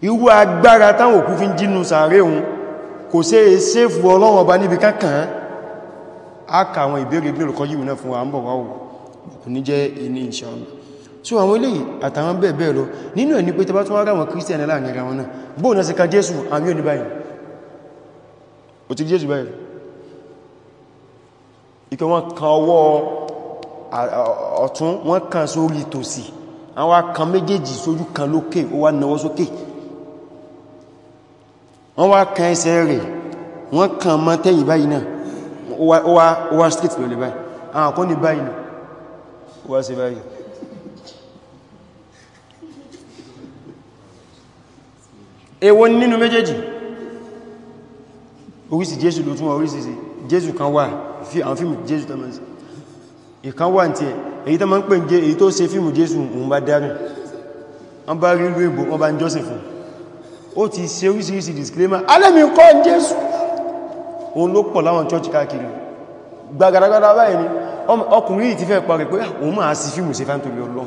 irú agbára táwọn òkú fi ń jínú sáré òun kò sí èsèfù Ọlọ́run ọba níbi kankan aka àwọn ìbéèrè Ibn al-Qayyim náà fún wa ń bọ̀ wáwò kò ní jẹ́ iní insha Allah so àwọn ilé àtàwọn bẹ́ẹ̀ bẹ́ẹ̀ lọ nínú ẹ̀ ní pé tẹbá tún wá ráwọn Christian láàrin ara wọn náà bóò náà sí ká Jésù àmì òní báyìí ò ti Jésù báyìí ikẹ́ wọ́n kan ọwọ́ ọ̀tún wọ́n náà wá street lọ lè báyìí àwọn kan ní báyìí wá sí báyìí èwo nínú méjèèjì orísìí jésù ló tún wà orísìí jésù kan wà fi àwọn fíìmù jésù tó mọ́ sí ìkan wà tí ẹ̀ èyí tó máa ń pè jẹ́ èyí tó ṣe fíìmù jésù òun bá dárin wọ́n bá rí ìlú ìbò wọ́n bá ń O fún se ti ṣe orísìírísìí disclaimer alẹ́mì kọ́ jésù òun ló pọ̀ láwọn church káàkiri gbàgàdàgbàdà báyìí ni ọkùnrin yìí ti fẹ́ parẹ̀ pé ah, òun máa sí fíìmù sí fántòlì ọlọ́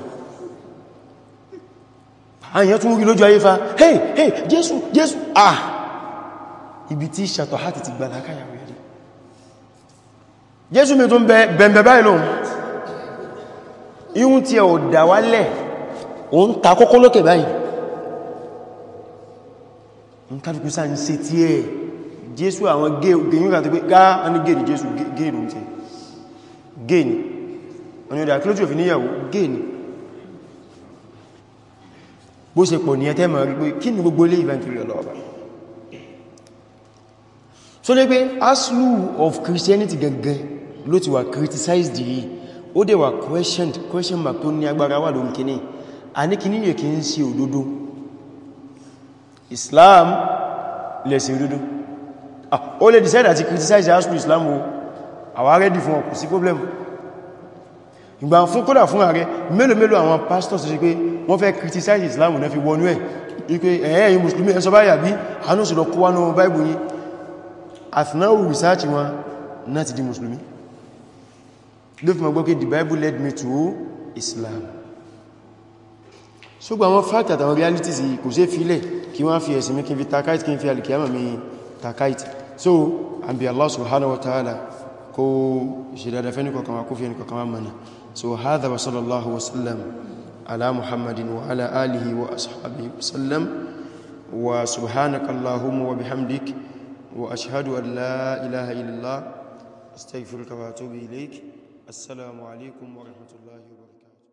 àyàn ah, tún rí lójú ayé fa hey hey jésù jésù ah ibi tí ṣàtọ̀ hàtì ti gbàlákàyàwó ẹ̀rí jésù mi tún bẹ̀m̀bẹ̀ báyìí lóhun ihun tí ẹ ò dà wálẹ̀ o ń ta kókó lókè báyìí ń kálùkù sáà ń ṣe tí ẹ̀ jésù àwọn gẹ́yìn kàtọ̀ pé gáà ní gẹ́ẹ̀ni jésù gẹ́ẹ̀ni oúnjẹ gẹ́ẹ̀ni ọ̀nà ìdá kí ló tí ò fi níyàwó gẹ́ẹ̀ni bó ṣe pọ̀ ní ẹtẹ́ mọ̀ rí pé kí ni gbogbo ilé ìventory ọlọ́ọ̀bá so lé pé aslu of christianity gangan ló ti wà criticized yìí ó dẹ̀ wà questioned question mark tó ní agbára wà lórí kìíní a ní kìíní yẹ kìí ń ṣe òdodo islam lẹ̀sìn òdodo Ah, ó lè decide àti criticize asùn islam o àwa rẹ́dì fún ọkù sí problem ìgbà fún kódà fún ààrẹ mélòó mélòó àwọn pastors ṣe pé wọ́n fẹ́ criticize islam náà fi wọnú Muslim. ipé ẹ̀ẹ́ yìí musulmi ẹ̀sọ báyà bí àánú sí lọ kó wánú báìbù yìí àtìnáwò research wọn náà ti di musulmi ló fi mọ̀gbọ́ pé the bible led me to islam ṣùgbọ́n àwọn fact àtàwọn realities kò sí fílẹ̀ kí wọ́n fi ẹ̀sìn mi kí n fi takite kí n fi alìkíyàmà mi takite so an bi Allah subhanahu wa ta'ala kó ṣe dada fẹ́ nìkọ̀ kama kó fi ẹnìkọ̀ kama mana so hadha wa sallallahu wa sallam ala muhammadin wa ala alihi wa ashabihi wa sallam wa subhanaka allahumma wa bihamdik wa ashhadu an la ilaha illallah astaghfiruka wa atubu ilaik assalamu alaikum wa rahmatullahi